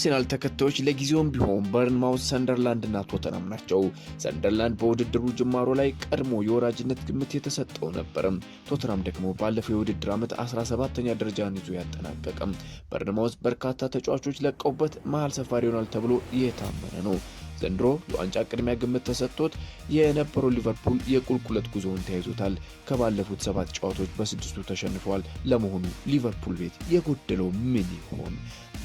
የአርሴናል ተከታዮች ለጊዜውም ቢሆን በርንማውዝ፣ ሰንደርላንድ እና ቶተናም ናቸው። ሰንደርላንድ በውድድሩ ጅማሮ ላይ ቀድሞ የወራጅነት ግምት የተሰጠው ነበርም። ቶተናም ደግሞ ባለፈው የውድድር ዓመት 17ኛ ደረጃን ይዞ ያጠናቀቀም። በርንማውዝ በርካታ ተጫዋቾች ለቀውበት መሀል ሰፋሪ ይሆናል ተብሎ የታመነ ነው። ዘንድሮ የዋንጫ ቅድሚያ ግምት ተሰጥቶት የነበረው ሊቨርፑል የቁልቁለት ጉዞውን ተያይዞታል። ከባለፉት ሰባት ጨዋታዎች በስድስቱ ተሸንፈዋል። ለመሆኑ ሊቨርፑል ቤት የጎደለው ምን ይሆን?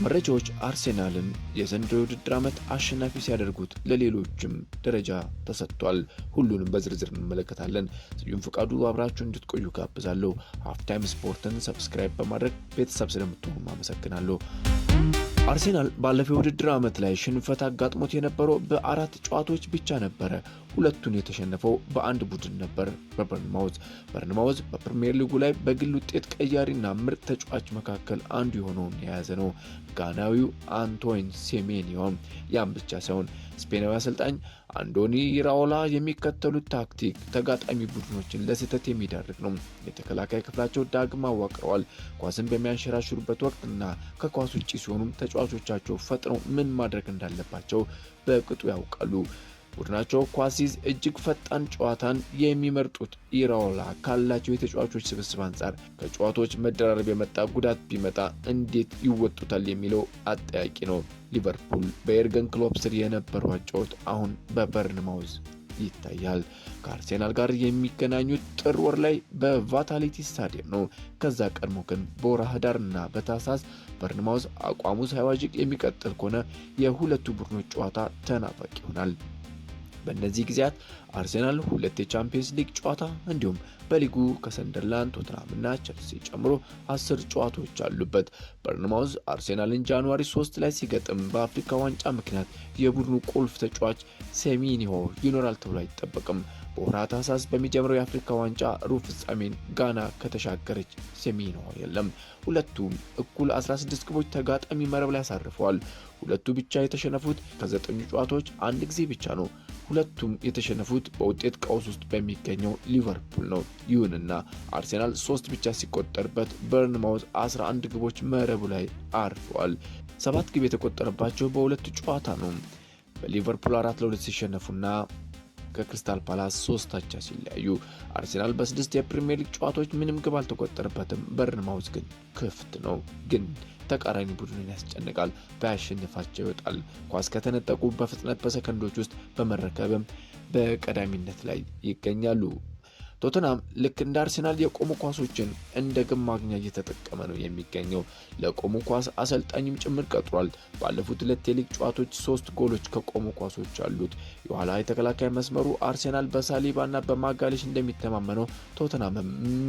መረጃዎች አርሴናልን የዘንድሮ የውድድር ዓመት አሸናፊ ሲያደርጉት ለሌሎችም ደረጃ ተሰጥቷል። ሁሉንም በዝርዝር እንመለከታለን። ስዩም ፍቃዱ አብራችሁ እንድትቆዩ ጋብዛለሁ። ሀፍታይም ስፖርትን ሰብስክራይብ በማድረግ ቤተሰብ ስለምትሆኑ አመሰግናለሁ። አርሴናል ባለፈው የውድድር ዓመት ላይ ሽንፈት አጋጥሞት የነበረው በአራት ጨዋታዎች ብቻ ነበረ። ሁለቱን የተሸነፈው በአንድ ቡድን ነበር፣ በበርንማውዝ። በርንማውዝ በፕሪምየር ሊጉ ላይ በግል ውጤት ቀያሪና ምርጥ ተጫዋች መካከል አንዱ የሆነውን የያዘ ነው፣ ጋናዊው አንቶይን ሴሜኒዮን። ያም ብቻ ሳይሆን ስፔናዊ አሰልጣኝ አንዶኒ ኢራኦላ የሚከተሉት ታክቲክ ተጋጣሚ ቡድኖችን ለስህተት የሚዳርግ ነው። የተከላካይ ክፍላቸው ዳግም አዋቅረዋል። ኳስን በሚያንሸራሽሩበት ወቅት እና ከኳስ ውጭ ሲሆኑም ተጫዋቾቻቸው ፈጥነው ምን ማድረግ እንዳለባቸው በቅጡ ያውቃሉ። ቡድናቸው ኳስ እጅግ ፈጣን ጨዋታን የሚመርጡት ኢራኦላ ካላቸው የተጫዋቾች ስብስብ አንጻር ከጨዋታዎች መደራረብ የመጣ ጉዳት ቢመጣ እንዴት ይወጡታል የሚለው አጠያቂ ነው። ሊቨርፑል በኤርገን ክሎፕ ስር የነበሯት አጨዋወት አሁን በበርንማውዝ ይታያል። ከአርሴናል ጋር የሚገናኙት ጥር ወር ላይ በቫታሊቲ ስታዲየም ነው። ከዛ ቀድሞ ግን በወርሃ ኅዳርና በታህሳስ በርንማውዝ አቋሙ ሳይዋዥቅ የሚቀጥል ከሆነ የሁለቱ ቡድኖች ጨዋታ ተናፋቂ ይሆናል። በእነዚህ ጊዜያት አርሰናል ሁለት የቻምፒየንስ ሊግ ጨዋታ እንዲሁም በሊጉ ከሰንደርላንድ እና ቸልሲ ጨምሮ አስር ጨዋታዎች አሉበት። በርንማውዝ አርሴናልን ጃንዋሪ 3 ላይ ሲገጥም በአፍሪካ ዋንጫ ምክንያት የቡድኑ ቁልፍ ተጫዋች ሴሚኒሆ ይኖራል ተብሎ አይጠበቅም። በወርሃ ታህሳስ በሚጀምረው የአፍሪካ ዋንጫ ሩብ ፍጻሜን ጋና ከተሻገረች ሴሚኒሆ የለም። ሁለቱም እኩል 16 ግቦች ተጋጣሚ መረብ ላይ አሳርፈዋል። ሁለቱ ብቻ የተሸነፉት ከዘጠኙ ጨዋታዎች አንድ ጊዜ ብቻ ነው። ሁለቱም የተሸነፉት በውጤት ቀውስ ውስጥ በሚገኘው ሊቨርፑል ነው። ይሁንና አርሴናል ሶስት ብቻ ሲቆጠርበት በርንማውዝ 11 ግቦች መረቡ ላይ አርፈዋል። ሰባት ግብ የተቆጠረባቸው በሁለት ጨዋታ ነው። በሊቨርፑል አራት ለሁለት ሲሸነፉና ከክሪስታል ፓላስ ሶስት አቻ ሲለያዩ፣ አርሴናል በስድስት የፕሪምየር ሊግ ጨዋታዎች ምንም ግብ አልተቆጠረበትም። በርንማውዝ ግን ክፍት ነው ግን ተቃራኒ ቡድንን ያስጨንቃል። በያሸንፋቸው ይወጣል። ኳስ ከተነጠቁ በፍጥነት በሰከንዶች ውስጥ በመረከብም በቀዳሚነት ላይ ይገኛሉ። ቶትናም ልክ እንደ አርሰናል የቆሙ ኳሶችን እንደ ግብ ማግኛ እየተጠቀመ ነው የሚገኘው። ለቆሙ ኳስ አሰልጣኝም ጭምር ቀጥሯል። ባለፉት ሁለት የሊግ ጨዋታዎች ሶስት ጎሎች ከቆሙ ኳሶች አሉት። የኋላ የተከላካይ መስመሩ በሳሊባ በሳሊባና በማጋሌሽ እንደሚተማመነው ቶትናም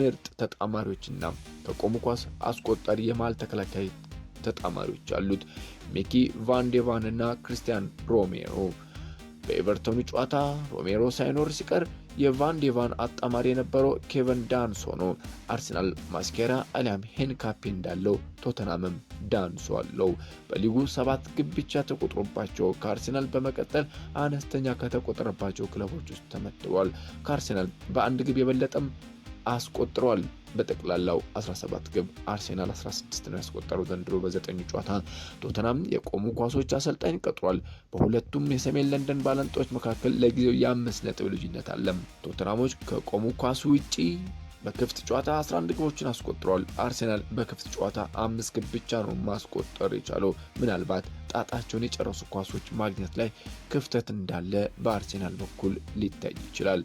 ምርጥ ተጣማሪዎችና ከቆሙ ኳስ አስቆጣሪ የመሃል ተከላካይ ተጣማሪዎች አሉት። ሚኪ ቫንዴቫን እና ክርስቲያን ሮሜሮ። በኤቨርተኑ ጨዋታ ሮሜሮ ሳይኖር ሲቀር የቫንዴቫን አጣማሪ የነበረው ኬቨን ዳንስ ሆኖ አርሰናል ማስኬራ አሊያም ሄንካፔ እንዳለው ቶተናምም ዳንሶ አለው። በሊጉ ሰባት ግብ ብቻ ተቆጥሮባቸው ከአርሴናል በመቀጠል አነስተኛ ከተቆጠረባቸው ክለቦች ውስጥ ተመድቧል። ከአርሴናል በአንድ ግብ የበለጠም አስቆጥሯል። በጠቅላላው 17 ግብ አርሴናል 16 ነው ያስቆጠረው። ዘንድሮ በ9 ጨዋታ ቶተናም የቆሙ ኳሶች አሰልጣኝ ቀጥሯል። በሁለቱም የሰሜን ለንደን ባላንጣዎች መካከል ለጊዜው የአምስት ነጥብ ልዩነት አለ። ቶተናሞች ከቆሙ ኳሱ ውጪ በክፍት ጨዋታ 11 ግቦችን አስቆጥሯል። አርሴናል በክፍት ጨዋታ አምስት ግብ ብቻ ነው ማስቆጠር የቻለው። ምናልባት ጣጣቸውን የጨረሱ ኳሶች ማግኘት ላይ ክፍተት እንዳለ በአርሴናል በኩል ሊታይ ይችላል።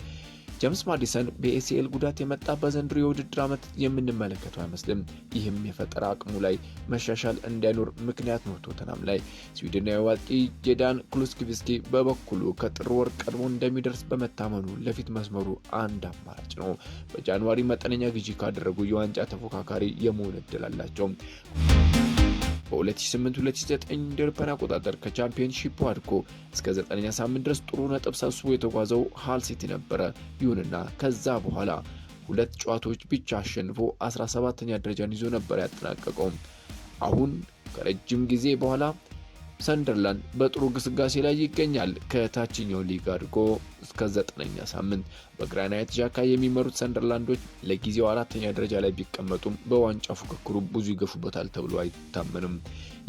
ጄምስ ማዲሰን በኤሲኤል ጉዳት የመጣ በዘንድሮ የውድድር ዓመት የምንመለከተው አይመስልም። ይህም የፈጠራ አቅሙ ላይ መሻሻል እንዳይኖር ምክንያት ነው። ቶተናም ላይ ስዊድናዊ አጥቂ ጄዳን ክሉስኪቪስኪ በበኩሉ ከጥር ወር ቀድሞ እንደሚደርስ በመታመኑ ለፊት መስመሩ አንድ አማራጭ ነው። በጃንዋሪ መጠነኛ ግዢ ካደረጉ የዋንጫ ተፎካካሪ የመሆን እድል አላቸው። በ2008-2009 እንደ አውሮፓውያን አቆጣጠር ከቻምፒየንሺፑ አድጎ እስከ 9 ሳምንት ድረስ ጥሩ ነጥብ ሰብስቦ የተጓዘው ሃል ሲቲ ነበረ። ይሁንና ከዛ በኋላ ሁለት ጨዋታዎች ብቻ አሸንፎ 17ኛ ደረጃን ይዞ ነበር ያጠናቀቀውም። አሁን ከረጅም ጊዜ በኋላ ሰንደርላንድ በጥሩ ግስጋሴ ላይ ይገኛል። ከታችኛው ሊግ አድጎ እስከ ዘጠነኛ ሳምንት በግራናይት ዣካ የሚመሩት ሰንደርላንዶች ለጊዜው አራተኛ ደረጃ ላይ ቢቀመጡም በዋንጫ ፉክክሩ ብዙ ይገፉበታል ተብሎ አይታመንም።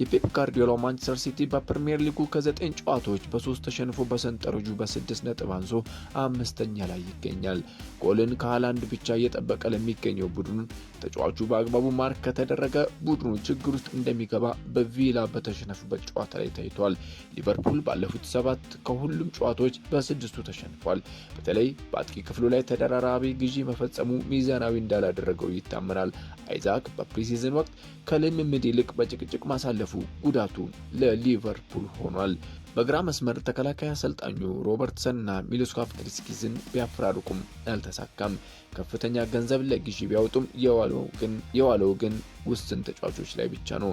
የፔፕ ጋርዲዮላው ማንቸስተር ሲቲ በፕሪምየር ሊጉ ከዘጠኝ ጨዋታዎች በሶስት ተሸንፎ በሰንጠረዡ በስድስት ነጥብ አንሶ አምስተኛ ላይ ይገኛል። ጎልን ከሃላንድ ብቻ እየጠበቀ ለሚገኘው ቡድኑ ተጫዋቹ በአግባቡ ማርክ ከተደረገ ቡድኑ ችግር ውስጥ እንደሚገባ በቪላ በተሸነፉበት ጨዋታ ላይ ታይቷል። ሊቨርፑል ባለፉት ሰባት ከሁሉም ጨዋታዎች በስድስቱ ተሸንፏል። በተለይ በአጥቂ ክፍሉ ላይ ተደራራቢ ግዢ መፈጸሙ ሚዛናዊ እንዳላደረገው ይታመናል። አይዛክ በፕሪሲዝን ወቅት ከልምምድ ይልቅ በጭቅጭቅ ማሳለፍ ሲሰለፉ ጉዳቱ ለሊቨርፑል ሆኗል። በግራ መስመር ተከላካይ አሰልጣኙ ሮበርትሰንና ሚሎስላቭ ክሪስኪዝን ቢያፈራርቁም አልተሳካም። ከፍተኛ ገንዘብ ለግዢ ቢያወጡም የዋለው ግን ውስን ተጫዋቾች ላይ ብቻ ነው።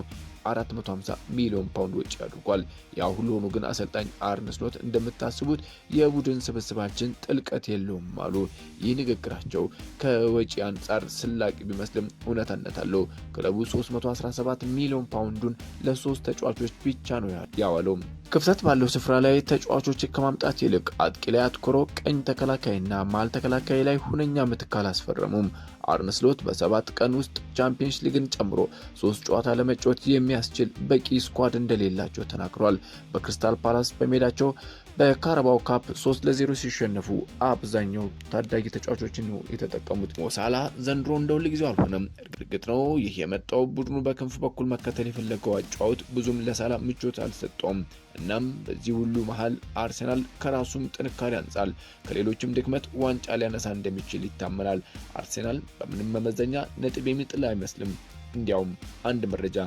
450 ሚሊዮን ፓውንድ ወጪ አድርጓል። ያ ሁሉ ሆኖ ግን አሰልጣኝ አርነ ስሎት እንደምታስቡት የቡድን ስብስባችን ጥልቀት የለውም አሉ። ይህ ንግግራቸው ከወጪ አንጻር ስላቂ ቢመስልም እውነትነት አለው። ክለቡ 317 ሚሊዮን ፓውንዱን ለሶስት ተጫዋቾች ብቻ ነው ያዋለው። ክፍተት ባለው ስፍራ ላይ ተጫዋቾች ከማምጣት ይልቅ አጥቂ ላይ አትኩሮ ቀኝ ተከላካይና መሃል ተከላካይ ላይ ሁነኛ ምትክ አላስፈረሙም። አርነ ስሎት በሰባት ቀን ውስጥ ቻምፒየንስ ሊግን ጨምሮ ሶስት ጨዋታ ለመጫወት የሚያስችል በቂ ስኳድ እንደሌላቸው ተናግሯል። በክሪስታል ፓላስ በሜዳቸው በካረባው ካፕ 3 ለ0 ሲሸነፉ አብዛኛው ታዳጊ ተጫዋቾችን ነው የተጠቀሙት። ሞሳላ ዘንድሮ እንደ ሁልጊዜው አልሆነም። እርግጥ ነው ይህ የመጣው ቡድኑ በክንፍ በኩል መከተል የፈለገው አጫወት ብዙም ለሳላ ምቾት አልሰጠውም። እናም በዚህ ሁሉ መሀል አርሰናል ከራሱም ጥንካሬ አንጻል ከሌሎችም ድክመት ዋንጫ ሊያነሳ እንደሚችል ይታመናል። አርሰናል በምንም መመዘኛ ነጥብ የሚጥል አይመስልም። እንዲያውም አንድ መረጃ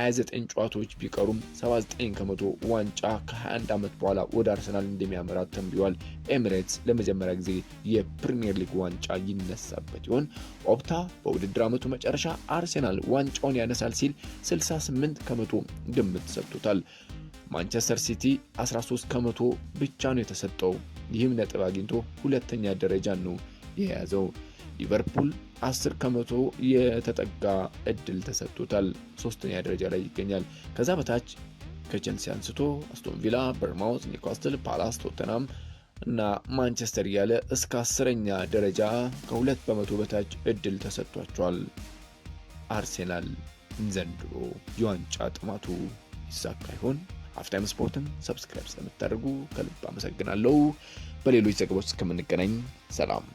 29 ጨዋታዎች ቢቀሩም 79 ከመቶ ዋንጫ ከ21 ዓመት በኋላ ወደ አርሰናል እንደሚያመራ ተንብዋል። ኤሚሬትስ ለመጀመሪያ ጊዜ የፕሪሚየር ሊግ ዋንጫ ይነሳበት ይሆን? ኦፕታ በውድድር ዓመቱ መጨረሻ አርሰናል ዋንጫውን ያነሳል ሲል 68 ከመቶ ግምት ሰጥቶታል። ማንቸስተር ሲቲ 13 ከመቶ ብቻ ነው የተሰጠው። ይህም ነጥብ አግኝቶ ሁለተኛ ደረጃ ነው የያዘው። ሊቨርፑል 10 ከመቶ የተጠጋ እድል ተሰጥቶታል። ሶስተኛ ደረጃ ላይ ይገኛል። ከዛ በታች ከቼልሲ አንስቶ አስቶን ቪላ፣ በርማውት፣ ኒውካስትል፣ ፓላስ፣ ቶተናም እና ማንቸስተር እያለ እስከ አስረኛ ደረጃ ከሁለት በመቶ በታች እድል ተሰጥቷቸዋል። አርሴናል ዘንድሮ የዋንጫ ጥማቱ ይሳካ ይሆን? ሀፍታይም ስፖርትን ሰብስክራይብ ስለምታደርጉ ከልብ አመሰግናለሁ። በሌሎች ዘገባዎች እስከምንገናኝ ሰላም።